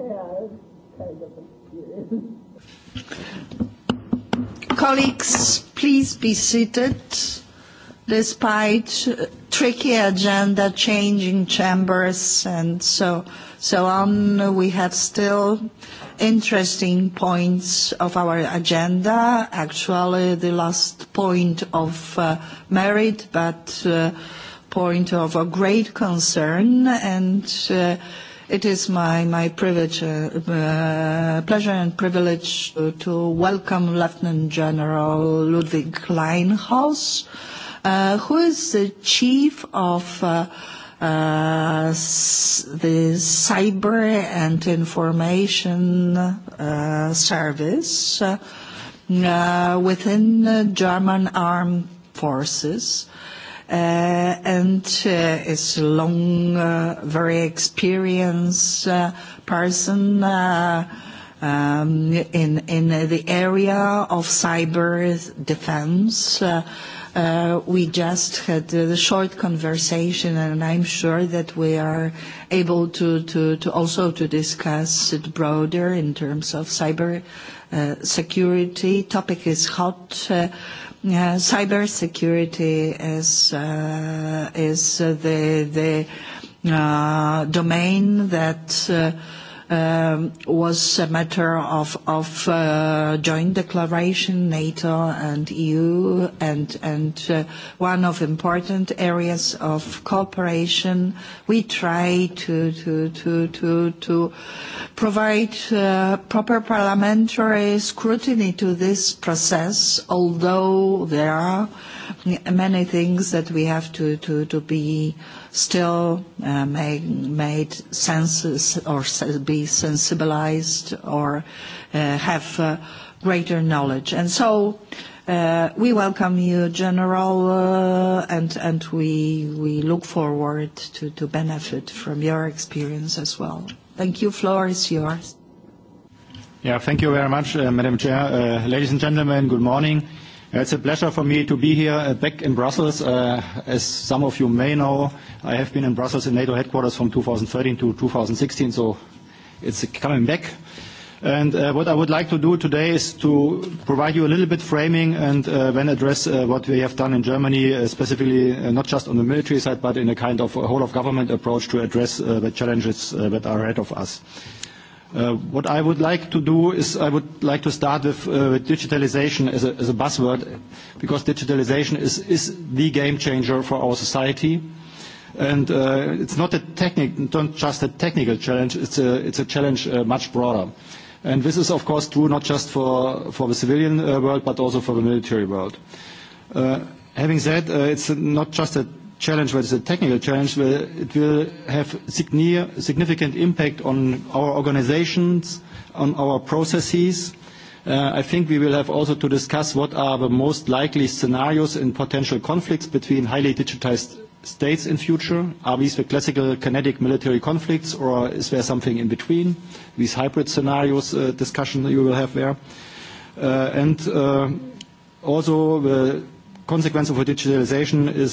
Yeah, kind of experience. Colleagues, please be seated. Despite tricky agenda, changing chambers, and so so on, we have still interesting points of our agenda. Actually, the last point of uh, merit, but uh, point of a great concern and. Uh, It is my, my privilege, uh, uh, pleasure and privilege to, uh, to welcome Lieutenant General Ludwig Kleinhaus, uh, who is the chief of uh, uh, the Cyber and Information uh, Service uh, uh, within the German Armed Forces Uh, and uh, is a long, uh, very experienced uh, person uh, um, in in the area of cyber defense. Uh, uh, we just had a short conversation, and I'm sure that we are able to, to, to also to discuss it broader in terms of cyber uh, security. Topic is hot. Uh, Uh, cybersecurity is uh, is uh, the the uh, domain that uh, um, was a matter of, of uh, joint declaration, NATO and EU, and, and uh, one of important areas of cooperation. We try to, to, to, to, to provide uh, proper parliamentary scrutiny to this process, although there are many things that we have to, to, to be uh, still uh, may, made senses or be sensibilized or uh, have uh, greater knowledge. And so uh, we welcome you, General, uh, and, and we, we look forward to, to benefit from your experience as well. Thank you. Floor is yours. Yeah, thank you very much, uh, Madam Chair. Uh, ladies and gentlemen, good morning. Uh, It's a pleasure for me to be here uh, back in Brussels. Uh, as some of you may know, I have been in Brussels in NATO headquarters from 2013 to 2016, so it's coming back. And uh, what I would like to do today is to provide you a little bit framing and uh, then address uh, what we have done in Germany, uh, specifically uh, not just on the military side, but in a kind of whole-of-government approach to address uh, the challenges uh, that are ahead of us. Uh, Uh, what I would like to do is I would like to start with, uh, with digitalization as a, as a buzzword, because digitalization is, is the game changer for our society. And uh, it's not, a technic, not just a technical challenge, it's a, it's a challenge uh, much broader. And this is, of course, true not just for, for the civilian uh, world, but also for the military world. Uh, having said, uh, it's not just a challenge, whether it's a technical challenge, where it will have significant impact on our organizations, on our processes. Uh, I think we will have also to discuss what are the most likely scenarios and potential conflicts between highly digitized states in future? Are these the classical kinetic military conflicts, or is there something in between? These hybrid scenarios uh, discussion that you will have there. Uh, and uh, also the consequence of digitalization is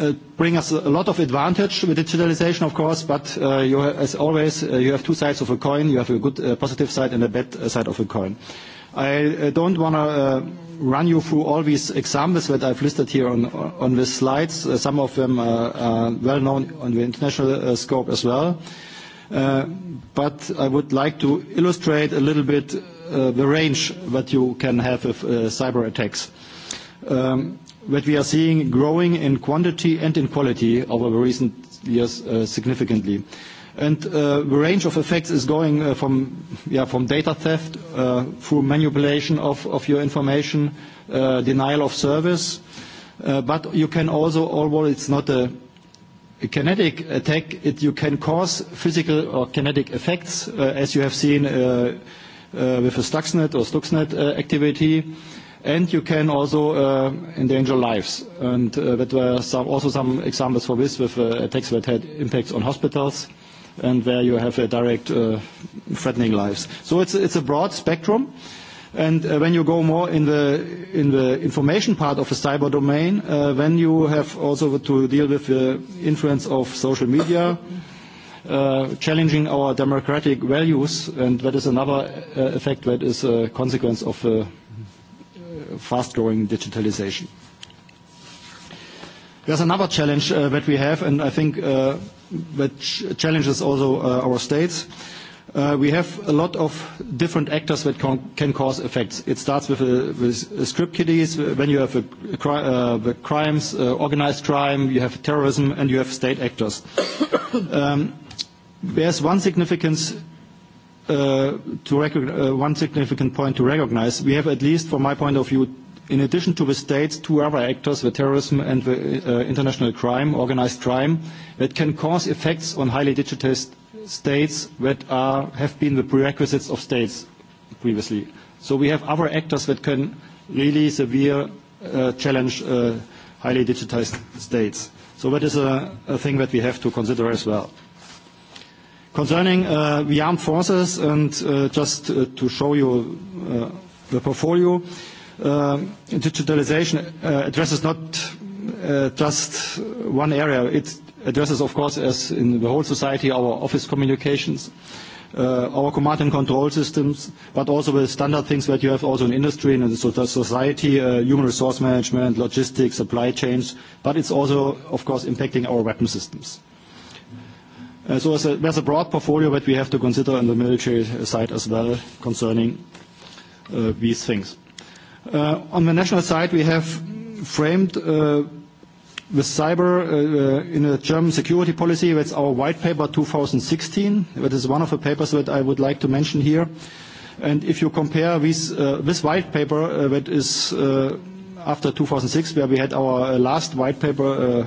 uh, bring us a lot of advantage with digitalization, of course, but uh, you, as always, uh, you have two sides of a coin. You have a good uh, positive side and a bad uh, side of a coin. I uh, don't want to uh, run you through all these examples that I've listed here on, on these slides. Uh, some of them are, uh, are well known on the international uh, scope as well. Uh, but I would like to illustrate a little bit uh, the range that you can have with uh, cyber attacks. Um, that we are seeing growing in quantity and in quality over the recent years uh, significantly. And, uh, the range of effects is going uh, from, yeah, from data theft uh, through manipulation of, of your information, uh, denial of service. Uh, but you can also, although it's not a kinetic attack, it, you can cause physical or kinetic effects, as you have seen with the Stuxnet or Stuxnet activity and you can also uh, endanger lives. And uh, there were some, also some examples for this with uh, attacks that had impacts on hospitals and where you have a direct uh, threatening lives. So it's, it's a broad spectrum. And uh, when you go more in the, in the information part of the cyber domain, uh, then you have also to deal with the influence of social media, uh, challenging our democratic values, and that is another uh, effect that is a consequence of the uh, fast-growing digitalization. There's another challenge uh, that we have, and I think uh, that challenges also uh, our states. Uh, we have a lot of different actors that can, can cause effects. It starts with, a, uh, with script kiddies, uh, when you have a, a cri uh, the crimes, uh, organized crime, you have terrorism, and you have state actors. um, there's one significance uh, to uh, one significant point to recognize. We have, at least from my point of view, in addition to the states, two other actors, the terrorism and the uh, international crime, organized crime, that can cause effects on highly digitized states that are, have been the prerequisites of states previously. So we have other actors that can really severe uh, challenge uh, highly digitized states. So that is a, a thing that we have to consider as well. Concerning uh, the armed forces, and uh, just uh, to show you uh, the portfolio, uh, digitalization uh, addresses not uh, just one area. It addresses, of course, as in the whole society, our office communications, uh, our command and control systems, but also the standard things that you have also in industry and in the society, uh, human resource management, logistics, supply chains, but it's also, of course, impacting our weapon systems. Uh, Uh, so there's a broad portfolio that we have to consider on the military side as well concerning uh, these things. Uh, on the national side, we have framed with cyber uh, in a German security policy. That's our white paper 2016. That is one of the papers that I would like to mention here. And if you compare these, uh, this white paper uh, that is after 2006, where we had our last white paper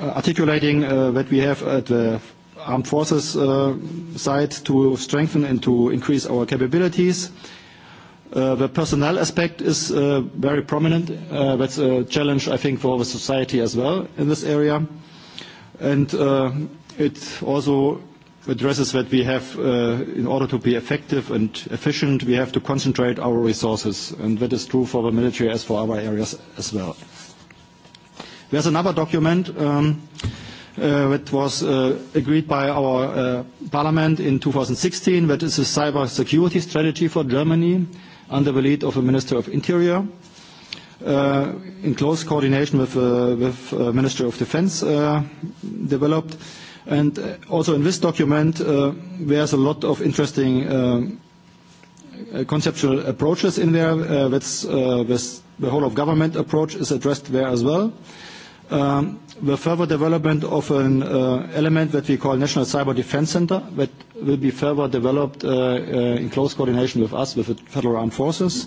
Uh, articulating uh, that we have at the armed forces uh, side to strengthen and to increase our capabilities. Uh, the personnel aspect is uh, very prominent. Uh, that's a challenge, I think, for the society as well in this area. And uh, it also addresses that we have, uh, in order to be effective and efficient, we have to concentrate our resources. And that is true for the military as for other areas as well. Uh, There's another document um, uh, that was uh, agreed by our uh, parliament in 2016 that is a cyber security strategy for Germany under the lead of the Minister of Interior. Uh, in close coordination with uh, with uh, Minister of Defense uh, developed. And uh, also in this document, uh, there's a lot of interesting um, uh, conceptual approaches in there. Uh, that's uh, this, the whole of government approach is addressed there as well. Uh, um, the further development of an uh, element that we call National Cyber Defense Center that will be further developed uh, uh, in close coordination with us, with the Federal Armed Forces.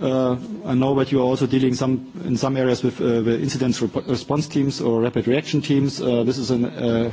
Uh, I know that you are also dealing some, in some areas with uh, the incident response teams or rapid reaction teams. Uh, this is an uh,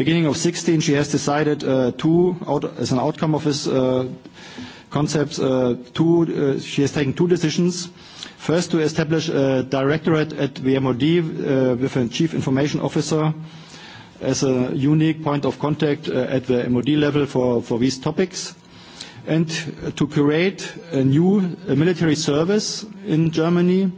beginning of 16, she has decided uh, two, out, as an outcome of this uh, concept, uh, two, uh, she has taken two decisions. First, to establish a directorate at VMOD uh, with a chief information officer as a unique point of contact uh, at the MOD level for, for these topics and to create a new a military service in Germany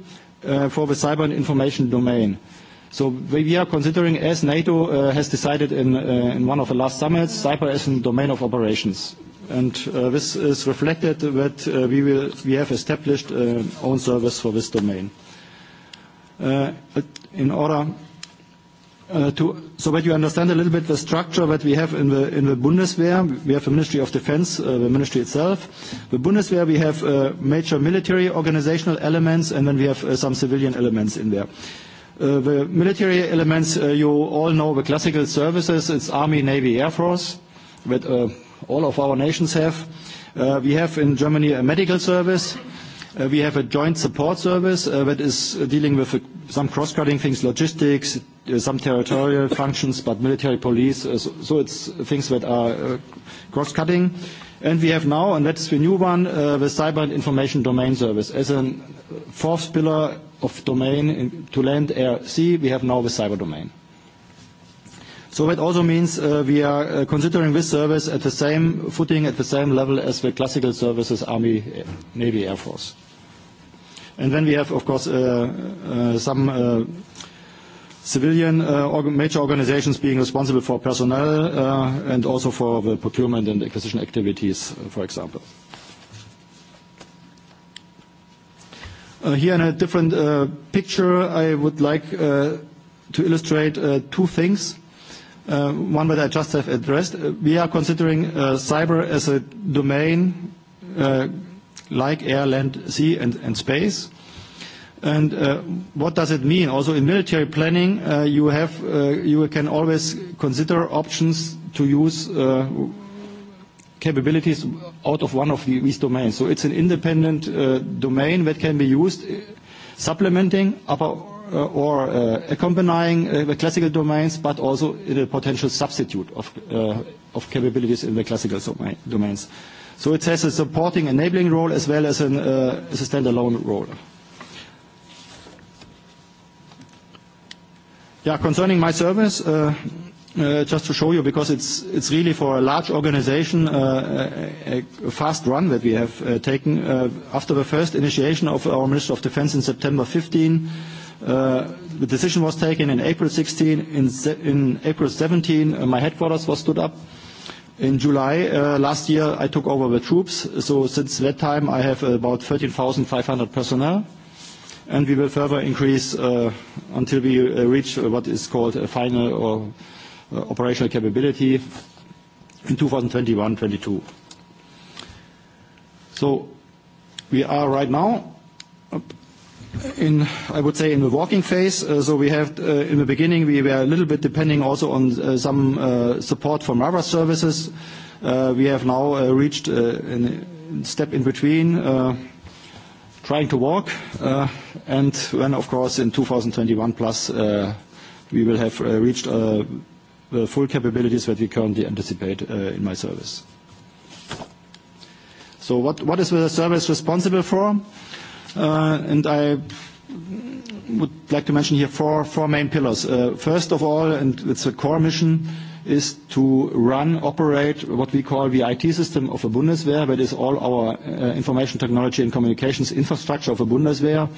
uh, for the cyber and information domain. Uh, So we are considering, as NATO uh, has decided in, uh, in one of the last summits, cyber as a domain of operations. And uh, this is reflected that uh, we, will, we have established uh, own service for this domain. Uh, in order uh, to, so that you understand a little bit the structure that we have in the, in the Bundeswehr, we have the Ministry of Defense, uh, the ministry itself. The Bundeswehr, we have uh, major military organizational elements, and then we have uh, some civilian elements in there. Uh, Uh, the military elements, uh, you all know the classical services. It's Army, Navy, Air Force that uh, all of our nations have. Uh, we have in Germany a medical service. Uh, we have a joint support service uh, that is uh, dealing with uh, some cross-cutting things, logistics, uh, some territorial functions, but military police. Uh, so, so it's things that are uh, cross-cutting. And we have now, and that's the new one, uh, the cyber and information domain service as a fourth pillar of domain to land, air, sea, we have now the cyber domain. So that also means uh, we are uh, considering this service at the same footing, at the same level as the classical services, Army, Navy, Air Force. And then we have, of course, uh, uh some uh, civilian uh, org major organizations being responsible for personnel and also for the procurement and acquisition activities, for example. Uh, here in a different uh, picture, I would like uh, to illustrate uh, two things. Uh, one that I just have addressed. Uh, we are considering uh, cyber as a domain uh, like air, land, sea, and, and space. And uh, what does it mean? Also, in military planning, uh, you have uh, you can always consider options to use uh, capabilities out of one of the, these domains. So it's an independent uh, domain that can be used uh, supplementing upper, uh, or uh, accompanying uh, the classical domains, but also in a potential substitute of, uh, of capabilities in the classical domain, domains. So it has a supporting enabling role as well as, an, uh, as a standalone role. Yeah, concerning my service, uh, uh, just to show you, because it's, it's really for a large organization, uh, a, a fast run that we have uh, taken. Uh, after the first initiation of our Minister of Defense in September 15, uh, the decision was taken in April 16. In, in April 17, uh, my headquarters was stood up. In July uh, last year, I took over the troops. So since that time, I have about 13,500 personnel and we will further increase uh, until we uh, reach what is called a final or Uh, operational capability in 2021, 2022. So we are right now in, I would say, in the walking phase. Uh, so we have, uh, in the beginning, we were a little bit depending also on uh, some uh, support from other services. Uh, we have now reached a step in between, trying to walk. And then, of course, in 2021 plus, we will have reached the full capabilities that we currently anticipate uh, in my service. So what, what is the service responsible for? Uh, and I would like to mention here four, four main pillars. Uh, first of all, and it's a core mission, is to run, operate what we call the IT system of the Bundeswehr. That is all our uh, information technology and communications infrastructure of the Bundeswehr,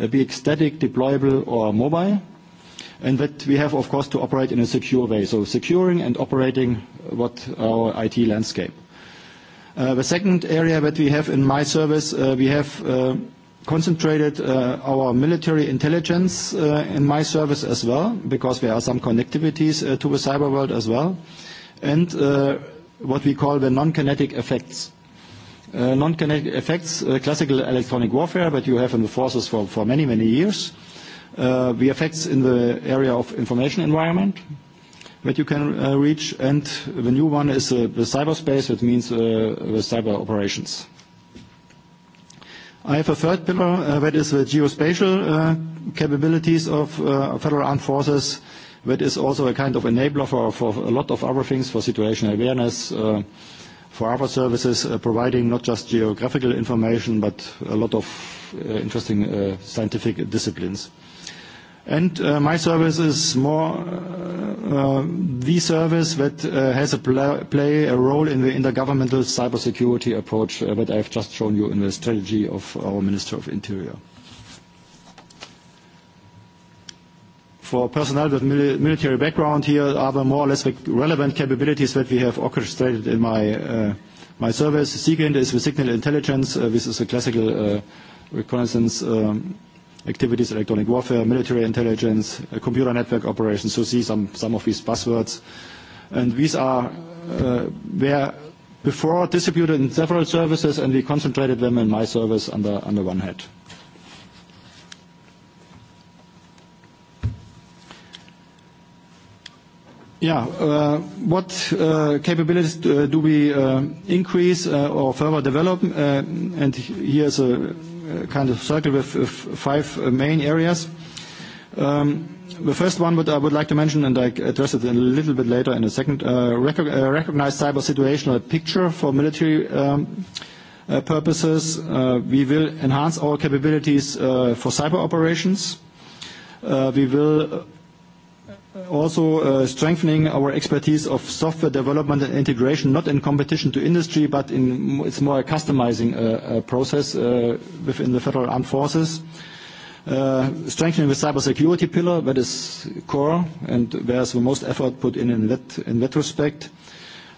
uh, be it static, deployable, or mobile and that we have, of course, to operate in a secure way, so securing and operating what our IT landscape. Uh, the second area that we have in my service, uh, we have uh, concentrated uh, our military intelligence uh, in my service as well, because there are some connectivities uh, to the cyber world as well, and what we call the non-kinetic effects. Non-kinetic effects, classical electronic warfare that you have in the forces for, for many, many years, uh, the effects in the area of information environment that you can uh, reach, and the new one is uh, the cyberspace, that means uh, the cyber operations. I have a third pillar, uh, that is the geospatial uh, capabilities of uh, federal armed forces. That is also a kind of enabler for, for a lot of other things, for situational awareness, uh, for other services, uh, providing not just geographical information, but a lot of uh, interesting uh, scientific disciplines. Uh, And uh, my service is more uh, uh, the service that uh, has a pl play a role in the intergovernmental cybersecurity approach uh, that I've just shown you in the strategy of our Minister of Interior. For personnel with mil military background, here are the more or less relevant capabilities that we have orchestrated in my, uh, my service. SIGINT is the signal intelligence. Uh, this is a classical uh, reconnaissance um, activities, electronic warfare, military intelligence, uh, computer network operations. So see some, some of these buzzwords. And these are uh, where before distributed in several services, and we concentrated them in my service under, under one head. Yeah. Uh, what uh, capabilities do, uh, do we uh, increase uh, or further develop? Uh, and here's a kind of circle with five main areas. Um, the first one what I would like to mention, and I address it a little bit later in a second, rec recognize cyber situational picture for military um, purposes. We will enhance our capabilities for cyber operations. We will also uh, strengthening our expertise of software development and integration, not in competition to industry, but in, it's more a customizing uh, uh, process uh, within the Federal Armed Forces. Uh, strengthening the cybersecurity pillar, that is core, and there's the most effort put in in that, in that respect.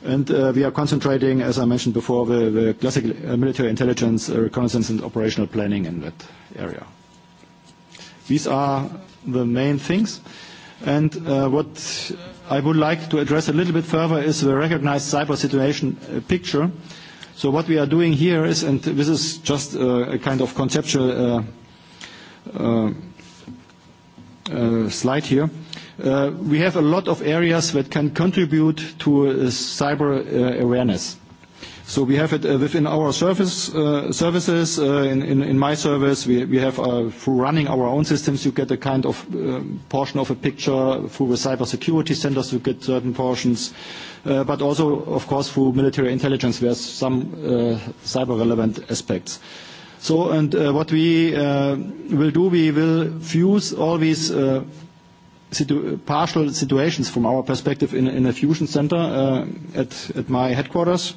And, uh, we are concentrating, as I mentioned before, the, the classic military intelligence, reconnaissance, and operational planning in that area. These are the main things. And uh, what I would like to address a little bit further is the recognized cyber situation uh, picture. So what we are doing here is, and this is just uh, a kind of conceptual uh, uh, uh slide here. Uh, we have a lot of areas that can contribute to uh, cyber awareness. So we have it uh, within our service, uh, services. Uh, in, in, in my service, we, we have uh, through running our own systems, you get a kind of um, portion of a picture. Through the cybersecurity centers, you get certain portions. Uh, but also, of course, through military intelligence, there's some uh, cyber-relevant aspects. So, and what we will do, we will fuse all these situ partial situations from our perspective in, in a fusion center at, at my headquarters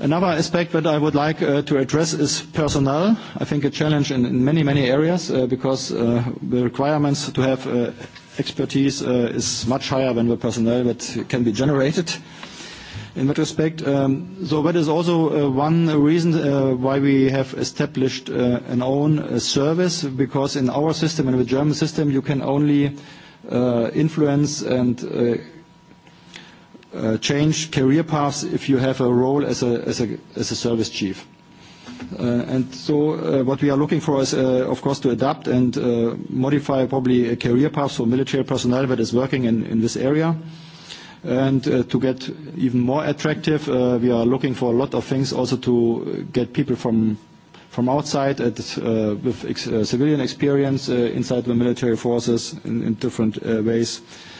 Another aspect that I would like uh, to address is personnel. I think a challenge in, in many, many areas uh, because uh, the requirements to have uh, expertise uh, is much higher than the personnel that can be generated. In that respect, um, so that is also uh, one reason uh, why we have established uh, an own uh, service because in our system, in the German system, you can only uh, influence and uh, uh, change career paths if you have a role as a, as a, as a service chief. Uh, and so uh, what we are looking for is, uh, of course, to adapt and uh, modify probably a career path for military personnel that is working in, in this area. And uh, to get even more attractive, uh, we are looking for a lot of things also to get people from from outside at, uh, with ex uh, civilian experience uh, inside the military forces in, in different uh, ways. Uh,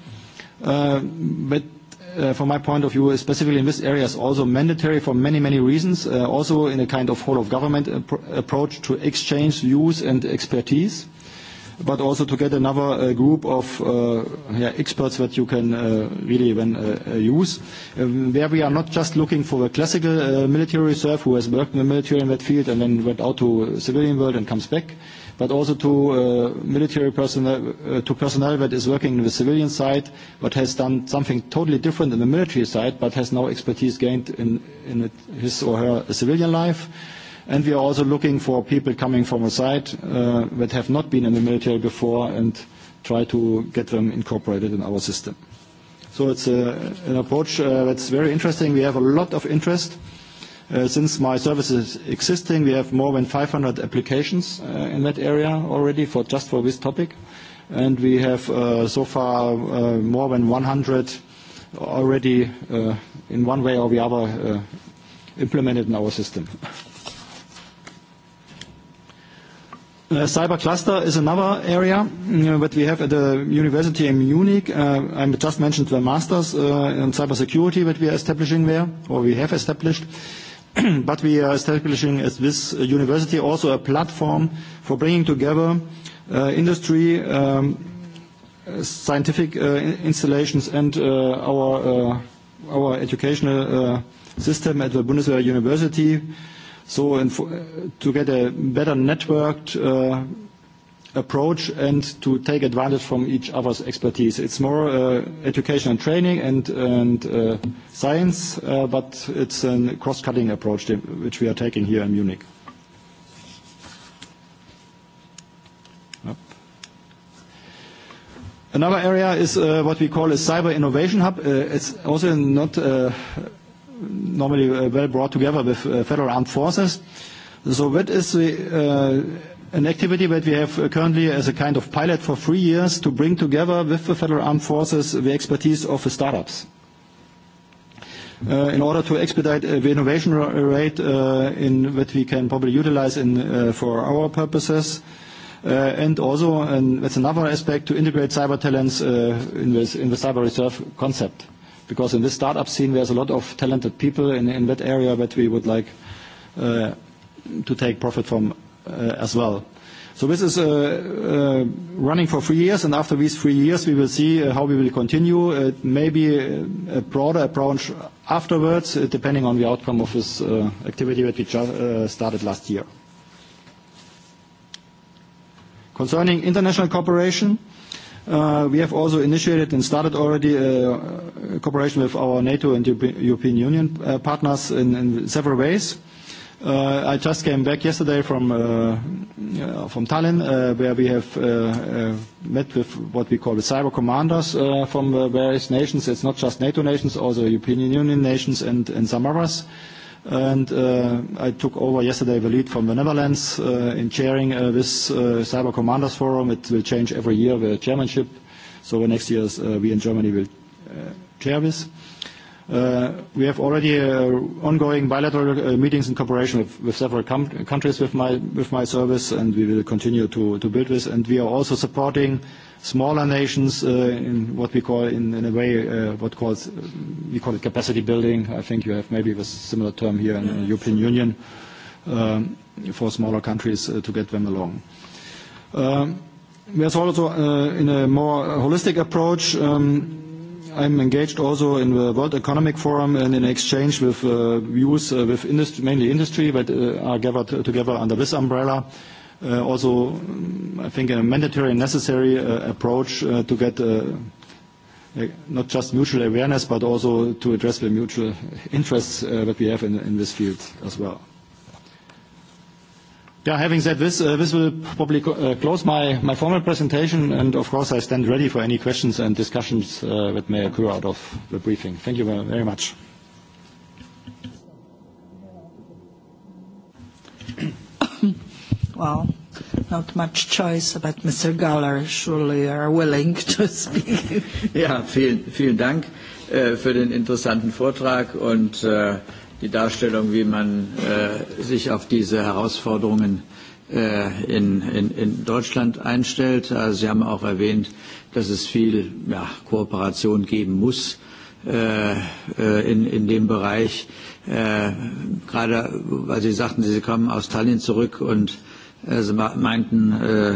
Uh, but Uh, from my point of view, specifically in this area, is also mandatory for many, many reasons, uh, also in a kind of whole-of-government ap approach to exchange views and expertise, but also to get another uh, group of uh, yeah, experts that you can uh, really then use. Um, where we are not just looking for a classical military reserve who has worked in the military in that field and then went out to civilian world and comes back, but also to uh, military personnel, uh, to personnel that is working in the civilian side, but has done something totally different in the military side, but has now expertise gained in, in it, his or her civilian life. And we are also looking for people coming from a side uh, that have not been in the military before and try to get them incorporated in our system. So it's a, uh, an approach uh, that's very interesting. We have a lot of interest. Uh, Uh, since my service is existing, we have more than 500 applications uh, in that area already for just for this topic. And we have uh, so far uh, more than 100 already uh, in one way or the other uh, implemented in our system. Uh, cyber cluster is another area you mm, uh, know, that we have at the university in Munich. Uh, I just mentioned the masters uh, in cybersecurity that we are establishing there, or we have established. Uh, but we are establishing as this uh, university also a platform for bringing together uh, industry, um, scientific uh, installations and uh, our, uh, our educational uh, system at the Bundeswehr University. So in, uh, to get a better networked uh, approach and to take advantage from each other's expertise. It's more uh, education and training and, and uh, science, uh, but it's a cross-cutting approach which we are taking here in Munich. Yep. Another area is uh, what we call a cyber innovation hub. Uh, it's also not uh, normally uh, well brought together with uh, federal armed forces. So that is the uh, an activity that we have currently as a kind of pilot for three years to bring together with the Federal Armed Forces the expertise of the startups. Uh, in order to expedite uh, the innovation rate uh, in that we can probably utilize in uh, for our purposes. Uh, and also, and that's another aspect, to integrate cyber talents uh, in, this, in the cyber reserve concept. Because in this startup scene, there's a lot of talented people in, in that area that we would like to take profit from Uh, as well. So this is uh, uh, running for three years, and after these three years, we will see how we will continue. It may be a broader approach afterwards, depending on the outcome of this activity that we just started last year. Concerning international cooperation, Uh, we have also initiated and started already uh, cooperation with our NATO and European Union uh, partners in, in several ways. Uh, I just came back yesterday from uh, uh, from Tallinn, uh, where we have uh, uh, met with what we call the cyber commanders uh, from uh, various nations. It's not just NATO nations, also European Union nations and, and some others. And uh, I took over yesterday the lead from the Netherlands uh, in chairing uh, this uh, cyber commanders forum. It will change every year the chairmanship. So next year uh, we in Germany will uh, chair this. Uh, Uh, we have already uh, ongoing bilateral uh, meetings in cooperation with, with several com- countries with my, with my service, and we will continue to, to build this. And we are also supporting smaller nations uh, in what we call, in, in a way, uh, what calls, uh, we call it capacity building. I think you have maybe a similar term here in the European Union um, for smaller countries uh, to get them along. Um, there's also, uh, in a more holistic approach, um, I'm engaged also in the World Economic Forum and in exchange with uh, views uh, with industry, mainly industry that uh, are gathered together under this umbrella. Uh, also, um, I think a mandatory and necessary uh, approach uh, to get uh, uh, not just mutual awareness, but also to address the mutual interests uh, that we have in, in this field as well. Yeah, having said this, uh, this will probably uh, close my, my formal presentation, and of course, I stand ready for any questions and discussions uh, that may occur out of the briefing. Thank you very, very much. Well, not much choice, but Mr. Galler surely are willing to speak. Ja, vielen, vielen Dank äh, für den interessanten Vortrag und äh, die Darstellung, wie man äh, sich auf diese Herausforderungen äh, in, in, in Deutschland einstellt. Also Sie haben auch erwähnt, dass es viel ja, Kooperation geben muss äh, äh in, in dem Bereich. Äh, gerade, weil Sie sagten, Sie kamen aus Tallinn zurück und äh, Sie meinten, äh,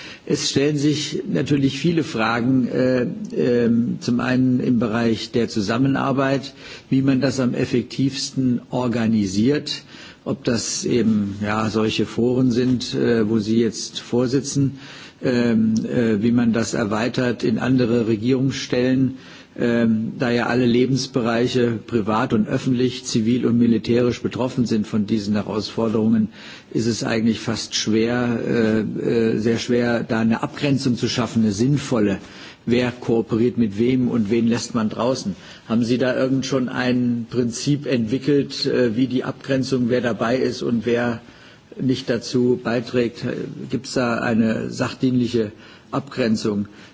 Es stellen sich natürlich viele Fragen, äh, äh, zum einen im Bereich der Zusammenarbeit, wie man das am effektivsten organisiert, ob das eben ja, solche Foren sind, äh, wo Sie jetzt vorsitzen, äh, äh, wie man das erweitert in andere Regierungsstellen, äh, ähm, da ja alle Lebensbereiche privat und öffentlich, zivil und militärisch betroffen sind von diesen Herausforderungen, ist es eigentlich fast schwer, äh, äh, sehr schwer, da eine Abgrenzung zu schaffen, eine sinnvolle. Wer kooperiert mit wem und wen lässt man draußen? Haben Sie da irgend schon ein Prinzip entwickelt, äh, wie die Abgrenzung, wer dabei ist und wer nicht dazu beiträgt? Gibt es da eine sachdienliche Abgrenzung?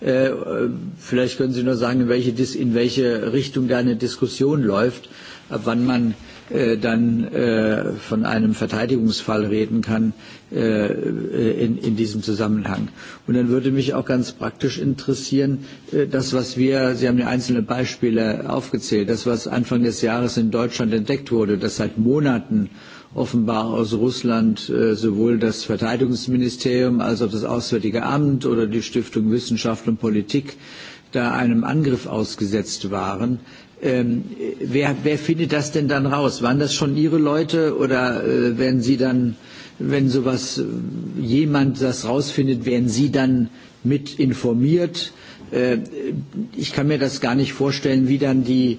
Äh, vielleicht können Sie nur sagen, in welche, in welche Richtung da eine Diskussion läuft, ab wann man äh, dann äh, von einem Verteidigungsfall reden kann äh, äh, in, in diesem Zusammenhang. Und dann würde mich auch ganz praktisch interessieren, äh, das, was wir, Sie haben ja einzelne Beispiele aufgezählt, das, was Anfang des Jahres in Deutschland entdeckt wurde, das seit Monaten äh, offenbar aus Russland äh, sowohl das Verteidigungsministerium als auch das Auswärtige Amt oder die Stiftung Wissenschaft und Politik da einem Angriff ausgesetzt waren. Ähm, wer, wer findet das denn dann raus? Waren das schon Ihre Leute oder äh, werden Sie dann, wenn sowas äh, jemand das rausfindet, werden Sie dann mit informiert? Äh, ich kann mir das gar nicht vorstellen, wie dann die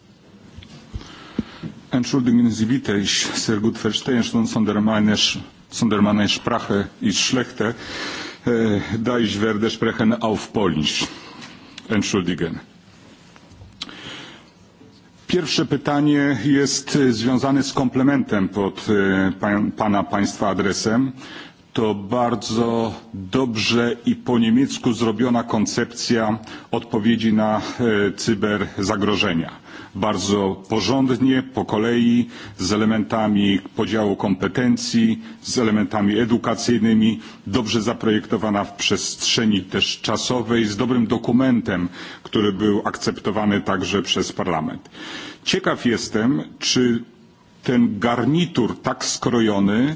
Entschuldigen ich sehr gut verstehen, sondern meine, sondern meine Sprache ist schlechter. Äh, e, da ich werde sprechen auf Polnisch. Entschuldigen. Pierwsze pytanie jest związane z komplementem pod e, pa, Pana Państwa adresem. To bardzo dobrze i po niemiecku zrobiona koncepcja odpowiedzi na e, cyberzagrożenia bardzo porządnie, po kolei, z elementami podziału kompetencji, z elementami edukacyjnymi, dobrze zaprojektowana w przestrzeni też czasowej, z dobrym dokumentem, który był akceptowany także przez Parlament. Ciekaw jestem, czy ten garnitur tak skrojony,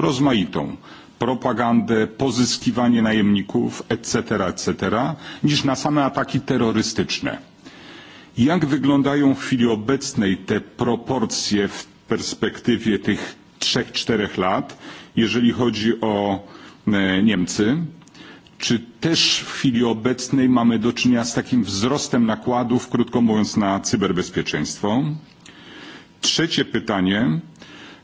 rozmaitą propagandę, pozyskiwanie najemników, etc., etc., niż na same ataki terrorystyczne. Jak wyglądają w chwili obecnej te proporcje w perspektywie tych 3-4 lat, jeżeli chodzi o e, Niemcy? Czy też w chwili obecnej mamy do czynienia z takim wzrostem nakładów, krótko mówiąc, na cyberbezpieczeństwo? Trzecie pytanie.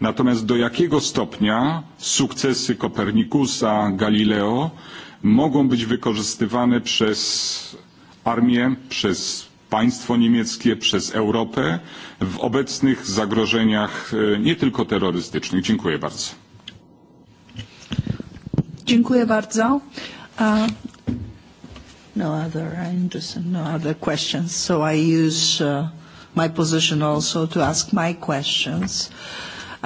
Natomiast do jakiego stopnia sukcesy Kopernikusa, Galileo mogą być wykorzystywane przez armię, przez państwo niemieckie, przez Europę w obecnych zagrożeniach e, nie tylko terrorystycznych? Dziękuję bardzo. Dziękuję bardzo. Uh... No other interest, no other questions. So I use uh, my position also to ask my questions. Uh,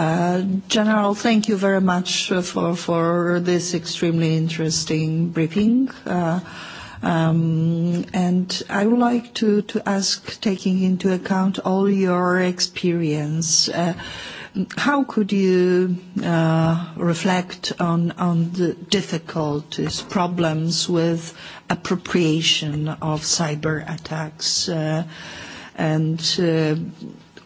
Uh, General, thank you very much uh, for, for this extremely interesting briefing. Uh, um, and I would like to, to ask, taking into account all your experience, uh, how could you uh, reflect on, on the difficulties, problems with appropriation of cyber attacks? Uh, and uh,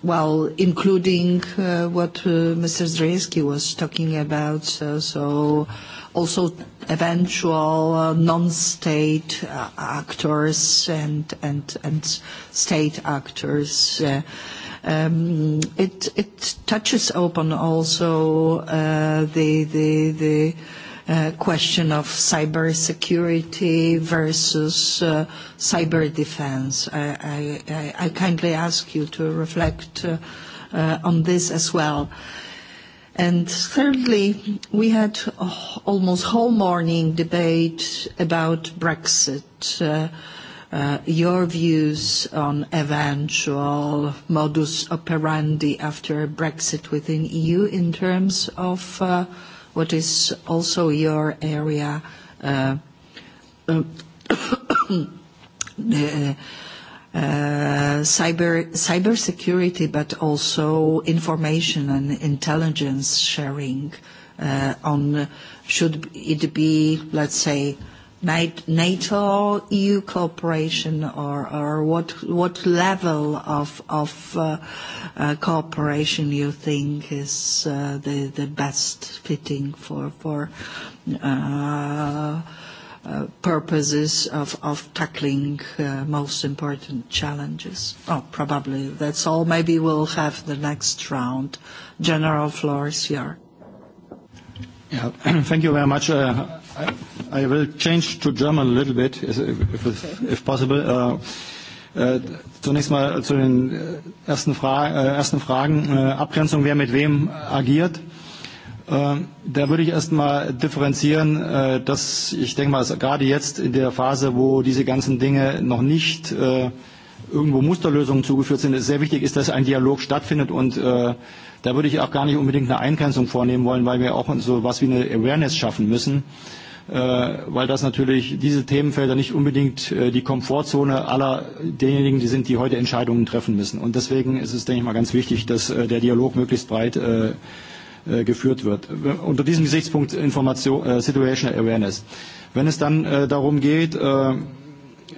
well, including uh, what uh, Mr. Zdrajewski was talking about, so, so also eventual uh, non-state uh, actors and, and, and state actors. Uh, um, it, it touches upon also uh, the, the, the uh, question of cybersecurity versus uh, cyber defense. I, I, I kindly ask you to reflect uh, uh, on this as well. And thirdly, we had a, almost whole morning debate about Brexit. Uh, Uh, your views on eventual modus operandi after Brexit within EU in terms of uh, what is also your area, uh, uh, the, uh, cyber cybersecurity, but also information and intelligence sharing uh, on should it be, let's say, uh, NATO EU cooperation or, or what, what level of, of uh, uh, cooperation you think is uh, the, the best fitting for, for uh, uh, purposes of, of tackling uh, most important challenges? Oh, probably that's all. Maybe we'll have the next round. General floor is yours. Yeah. Thank you very much. Uh, I, I will change to German a little bit, if, if, if possible. Uh, äh, zunächst mal zu den äh, ersten, Fra äh, ersten Fragen. Äh, Abgrenzung, wer mit wem agiert. Äh, da würde ich erst mal differenzieren, äh, dass ich denke mal, gerade jetzt in der Phase, wo diese ganzen Dinge noch nicht äh, irgendwo Musterlösungen zugeführt sind. Es sehr wichtig ist, dass ein Dialog stattfindet und äh, da würde ich auch gar nicht unbedingt eine Eingrenzung vornehmen wollen, weil wir auch so was wie eine Awareness schaffen müssen, äh, weil das natürlich diese Themenfelder nicht unbedingt äh, die Komfortzone aller derjenigen, die sind, die heute Entscheidungen treffen müssen. Und deswegen ist es, denke ich mal, ganz wichtig, dass äh, der Dialog möglichst breit äh, äh, geführt wird. Unter diesem Gesichtspunkt Information, äh, Situational Awareness. Wenn es dann äh, darum geht, äh,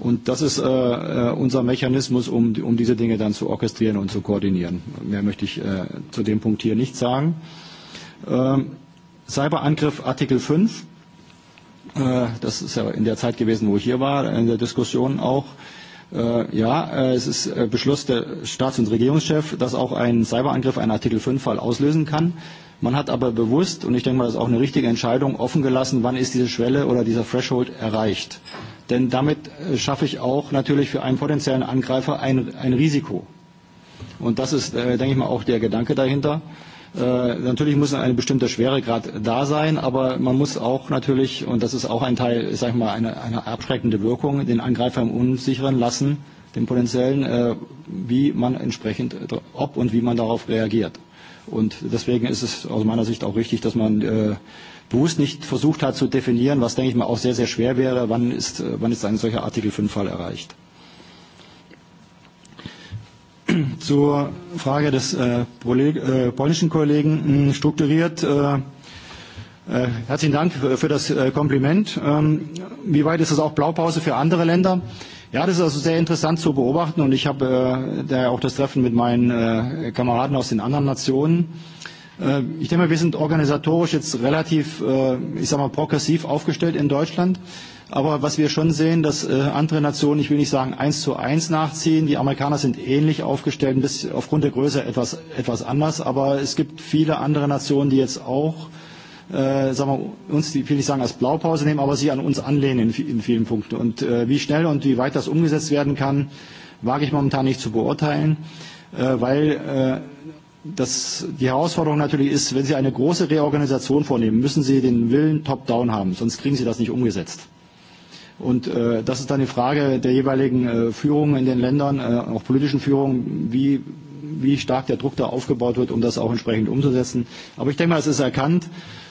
Und das ist äh, äh unser Mechanismus, um, um diese Dinge dann zu orchestrieren und zu koordinieren. Mehr möchte ich äh, zu dem Punkt hier nicht sagen. Ähm, Cyberangriff Artikel 5. Äh, das ist ja in der Zeit gewesen, wo ich hier war, in der Diskussion auch. Äh, ja, äh, es ist äh, Beschluss der Staats- und Regierungschef, dass auch ein Cyberangriff einen Artikel 5-Fall auslösen kann. Man hat aber bewusst, und ich denke mal, das ist auch eine richtige Entscheidung, offen gelassen, wann ist diese Schwelle oder dieser Threshold erreicht. Äh, Denn damit äh, schaffe ich auch natürlich für einen potenziellen Angreifer ein, ein Risiko. Und das ist, äh, denke ich mal, auch der Gedanke dahinter. Äh, natürlich muss ein bestimmter Schweregrad da sein, aber man muss auch natürlich, und das ist auch ein Teil, sag ich mal, eine, eine abschreckende Wirkung, den Angreifer im Unsicheren lassen, den potenziellen, äh, wie man entsprechend, ob und wie man darauf reagiert. Und deswegen ist es aus meiner Sicht auch richtig, dass man äh, bewusst nicht versucht hat zu definieren, was, denke ich mal, auch sehr, sehr schwer wäre, wann ist, äh, wann ist ein solcher Artikel 5-Fall erreicht. Zur Frage des äh, äh polnischen Kollegen hm, strukturiert. Äh, äh, herzlichen Dank für das äh, Kompliment. Ähm, wie weit ist es auch Blaupause für andere Länder? Äh, Ja, das ist also sehr interessant zu beobachten und ich habe äh, da auch das Treffen mit meinen äh, Kameraden aus den anderen Nationen. Äh, ich denke mal, wir sind organisatorisch jetzt relativ, äh, ich sag mal, progressiv aufgestellt in Deutschland. Aber was wir schon sehen, dass äh, andere Nationen, ich will nicht sagen eins zu eins nachziehen, die Amerikaner sind ähnlich aufgestellt, ein bisschen aufgrund der Größe etwas, etwas anders, aber es gibt viele andere Nationen, die jetzt auch äh, äh, sagen wir, uns, die, will ich sagen, als Blaupause nehmen, aber sie an uns anlehnen in, in vielen Punkten. Und äh, wie schnell und wie weit das umgesetzt werden kann, wage ich momentan nicht zu beurteilen, äh, weil äh, das, die Herausforderung natürlich ist, wenn Sie eine große Reorganisation vornehmen, müssen Sie den Willen top-down haben, sonst kriegen Sie das nicht umgesetzt. Und äh, das ist dann die Frage der jeweiligen äh, Führung in den Ländern, äh, auch politischen Führung, wie, wie stark der Druck da aufgebaut wird, um das auch entsprechend umzusetzen. Aber ich denke mal, es ist erkannt, äh,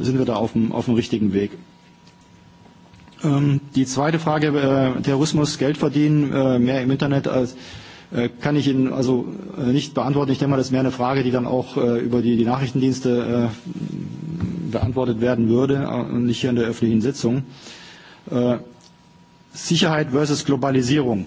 sind wir da auf dem, auf dem richtigen Weg. Ähm, die zweite Frage, äh, Terrorismus, Geld verdienen, äh, mehr im Internet als äh, kann ich Ihnen also äh, nicht beantworten. Ich denke mal, das ist mehr eine Frage, die dann auch äh, über die, die Nachrichtendienste äh, beantwortet werden würde äh, und nicht hier in der öffentlichen Sitzung. Äh, Sicherheit versus Globalisierung. Äh,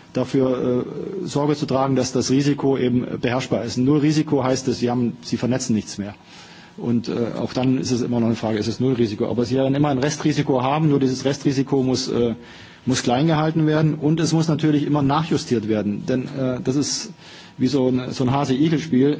dafür äh, Sorge zu tragen, dass das Risiko eben beherrschbar ist. Null Risiko heißt es, sie, haben, sie vernetzen nichts mehr. Und äh, auch dann ist es immer noch eine Frage, ist es Nullrisiko. Aber sie werden immer ein Restrisiko haben, nur dieses Restrisiko muss, äh, muss klein gehalten werden und es muss natürlich immer nachjustiert werden. Denn äh, das ist wie so ein, so ein Hase-Igel-Spiel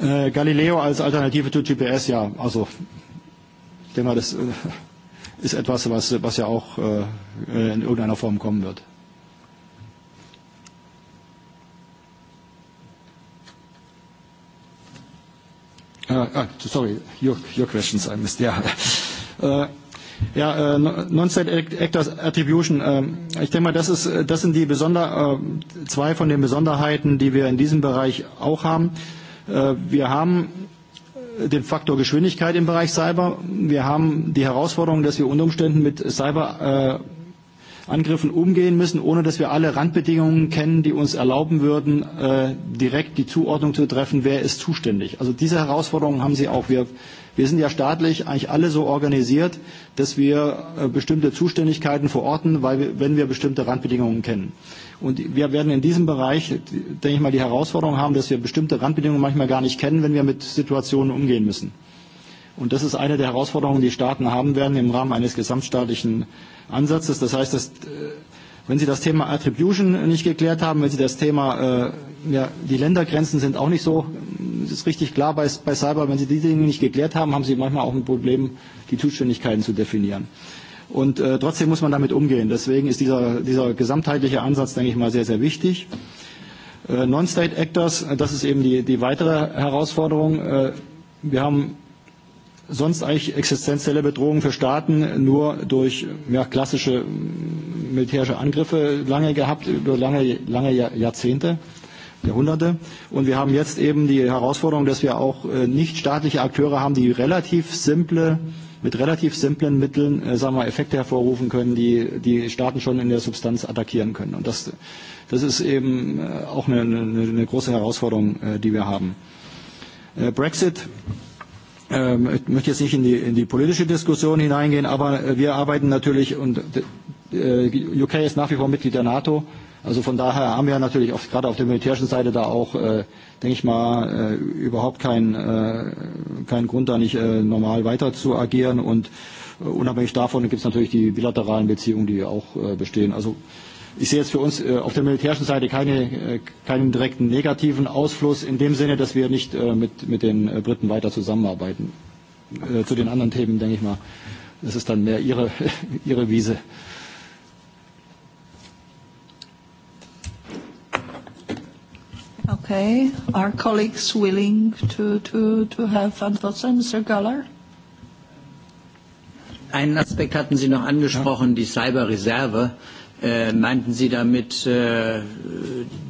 Äh, Galileo als Alternative zu GPS, ja, also ich denke mal, das äh, ist etwas, was, was ja auch äh, in irgendeiner Form kommen wird. Uh, uh, sorry, your, your questions I missed. Yeah. Uh, ja, äh, äh Non-State Actors Attribution. Äh, ich denke mal, das, ist, das sind die Besonder, äh, zwei von den Besonderheiten, die wir in diesem Bereich auch haben. Äh, Äh, wir haben den Faktor Geschwindigkeit im Bereich Cyber. Wir haben die Herausforderung, dass wir unter Umständen mit Cyber äh, Angriffen umgehen müssen, ohne dass wir alle Randbedingungen kennen, die uns erlauben würden, äh, direkt die Zuordnung zu treffen, wer ist zuständig. Also diese Herausforderungen haben Sie auch. Wir Wir sind ja staatlich eigentlich alle so organisiert, dass wir äh, bestimmte Zuständigkeiten verorten, weil wir, wenn wir bestimmte Randbedingungen kennen. Und wir werden in diesem Bereich, denke ich mal, die Herausforderung haben, dass wir bestimmte Randbedingungen manchmal gar nicht kennen, wenn wir mit Situationen umgehen müssen. Und das ist eine der Herausforderungen, die Staaten haben werden im Rahmen eines gesamtstaatlichen Ansatzes. Das heißt, dass, äh, wenn Sie das Thema Attribution nicht geklärt haben, wenn Sie das Thema, äh, ja, die Ländergrenzen sind auch nicht so ist richtig klar bei, bei Cyber, wenn Sie die Dinge nicht geklärt haben, haben Sie manchmal auch ein Problem, die Zuständigkeiten zu definieren. Und äh, trotzdem muss man damit umgehen. Deswegen ist dieser, dieser gesamtheitliche Ansatz, denke ich mal, sehr, sehr wichtig. Äh, Non-State Actors, äh, das ist eben die, die weitere Herausforderung. Äh, wir haben sonst eigentlich existenzielle Bedrohungen für Staaten nur durch ja, klassische militärische Angriffe lange gehabt, über lange, lange Jahrzehnte. Äh, Jahrhunderte. Und wir haben jetzt eben die Herausforderung, dass wir auch äh, nichtstaatliche Akteure haben, die relativ simple, mit relativ simplen Mitteln, äh, sagen wir, Effekte hervorrufen können, die die Staaten schon in der Substanz attackieren können. Und das, das ist eben äh, auch eine, eine, eine große Herausforderung, äh, die wir haben. Äh, Brexit. Ähm, ich möchte jetzt nicht in die, in die politische Diskussion hineingehen, aber äh, wir arbeiten natürlich und äh, äh, UK ist nach wie vor Mitglied der NATO. Also von daher haben wir natürlich auf, gerade auf der militärischen Seite da auch, äh, denke ich mal, äh, überhaupt äh, keinen äh, kein Grund, da nicht äh, normal weiter zu agieren. Und äh, unabhängig davon gibt es natürlich die bilateralen Beziehungen, die auch äh, bestehen. Also ich sehe jetzt für uns äh, auf der militärischen Seite keine, äh, keinen direkten negativen Ausfluss in dem Sinne, dass wir nicht äh, mit, mit den äh, Briten weiter zusammenarbeiten. Äh, zu den anderen Themen, denke ich mal, das ist dann mehr ihre, ihre Wiese. Äh, Okay. Are colleagues willing to, to, to have Antworten, Mr. Galler? Einen Aspekt hatten Sie noch angesprochen, ja. die Cyberreserve. Äh, meinten Sie damit äh,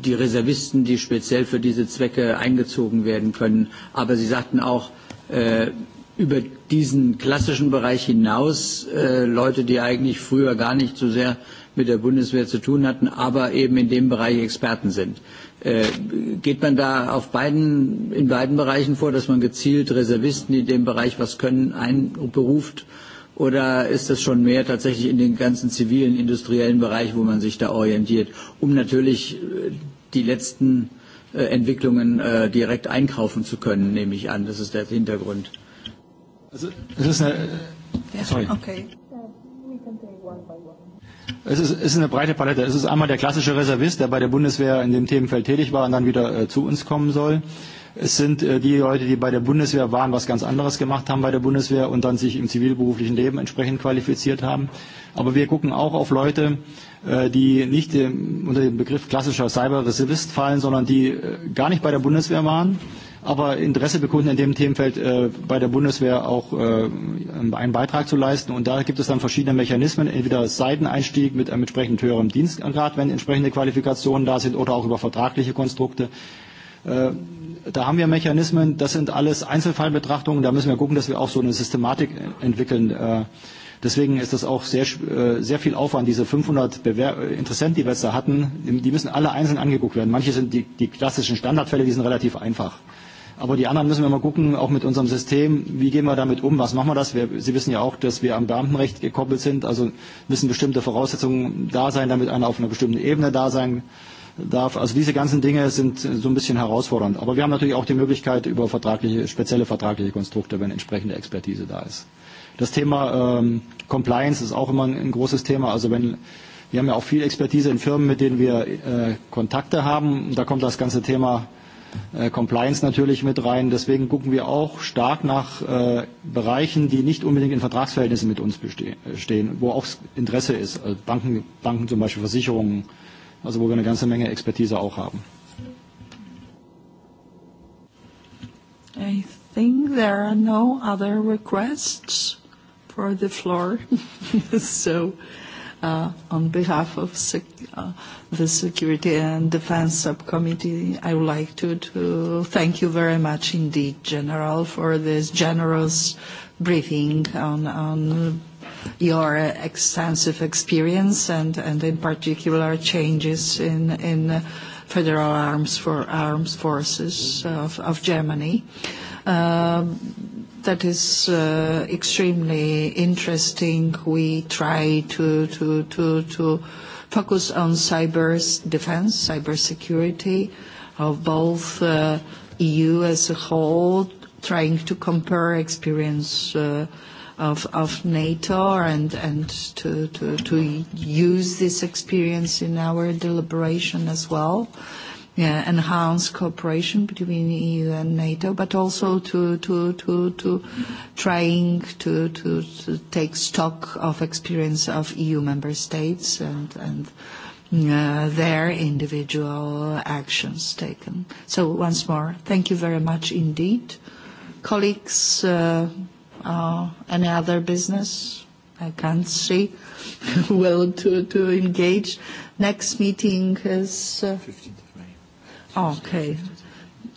die Reservisten, die speziell für diese Zwecke eingezogen werden können? Aber Sie sagten auch, äh, über diesen klassischen Bereich hinaus äh, Leute, die eigentlich früher gar nicht so sehr mit der Bundeswehr zu tun hatten, aber eben in dem Bereich Experten sind. Äh, geht man da auf beiden, in beiden Bereichen vor, dass man gezielt Reservisten, die in dem Bereich was können, einberuft? Oder ist das schon mehr tatsächlich in den ganzen zivilen, industriellen Bereich, wo man sich da orientiert, um natürlich äh, die letzten äh, Entwicklungen äh, direkt einkaufen zu können, nehme ich an. Das ist der Hintergrund. Also, es ist eine, äh, sorry. Okay. Uh, we can take one by one. Es ist, ist eine breite Palette. Es ist einmal der klassische Reservist, der bei der Bundeswehr in dem Themenfeld tätig war und dann wieder äh, zu uns kommen soll. Es sind äh, die Leute, die bei der Bundeswehr waren, was ganz anderes gemacht haben bei der Bundeswehr und dann sich im zivilberuflichen Leben entsprechend qualifiziert haben. Aber wir gucken auch auf Leute, äh, die nicht dem, unter den Begriff klassischer Cyber-Reservist fallen, sondern die äh, gar nicht bei der Bundeswehr waren, äh, aber Interesse bekunden, in dem Themenfeld äh, bei der Bundeswehr auch äh, einen Beitrag zu leisten. Und da gibt es dann verschiedene Mechanismen, entweder Seiteneinstieg mit einem entsprechend höherem Dienstgrad, wenn entsprechende Qualifikationen da sind, oder auch über vertragliche Konstrukte. Äh, da haben wir Mechanismen, das sind alles Einzelfallbetrachtungen, da müssen wir gucken, dass wir auch so eine Systematik entwickeln. Äh, Deswegen ist das auch sehr, äh, sehr viel Aufwand. Diese 500 Bewer Interessenten, die wir jetzt da hatten, die müssen alle einzeln angeguckt werden. Manche sind die, die klassischen Standardfälle, die sind relativ einfach. Äh, Aber die anderen müssen wir mal gucken, auch mit unserem System, wie gehen wir damit um, was machen wir das? Wir, Sie wissen ja auch, dass wir am Beamtenrecht gekoppelt sind, also müssen bestimmte Voraussetzungen da sein, damit einer auf einer bestimmten Ebene da sein darf. Also diese ganzen Dinge sind so ein bisschen herausfordernd. Aber wir haben natürlich auch die Möglichkeit über vertragliche, spezielle vertragliche Konstrukte, wenn entsprechende Expertise da ist. Das Thema ähm, Compliance ist auch immer ein, ein großes Thema. Also wenn wir haben ja auch viel Expertise in Firmen, mit denen wir äh, Kontakte haben. Da kommt das ganze Thema äh, Compliance natürlich mit rein. Deswegen gucken wir auch stark nach äh, Bereichen, die nicht unbedingt in Vertragsverhältnissen mit uns äh, stehen, wo auch Interesse ist. Also Banken, Banken zum Beispiel, Versicherungen, also wo wir eine ganze Menge Expertise auch haben. I think there are no other requests for the floor. so uh, on behalf of sec- uh, the Security and Defense Subcommittee, I would like to, to thank you very much indeed, General, for this generous briefing on, on your extensive experience and, and in particular changes in, in federal arms for arms forces of, of Germany. Um, that is uh, extremely interesting. We try to, to, to, to focus on cyber defense, cybersecurity of both uh, EU as a whole, trying to compare experience uh, of, of NATO and, and to, to, to use this experience in our deliberation as well. Uh, yeah, enhance cooperation between EU and NATO, but also to, to, to, to trying to, to, to take stock of experience of EU member states and, and uh, their individual actions taken. So once more, thank you very much indeed. Colleagues, uh, uh, any other business? I can't see will to, to engage. Next meeting is... Uh, 15th. Okay.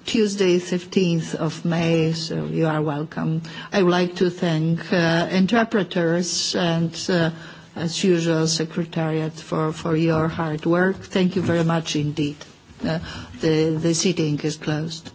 Tuesday, 15th of May, so you are welcome. I would like to thank uh, interpreters and, uh, as usual, Secretariat for, for your hard work. Thank you very much indeed. Uh, the, the sitting is closed.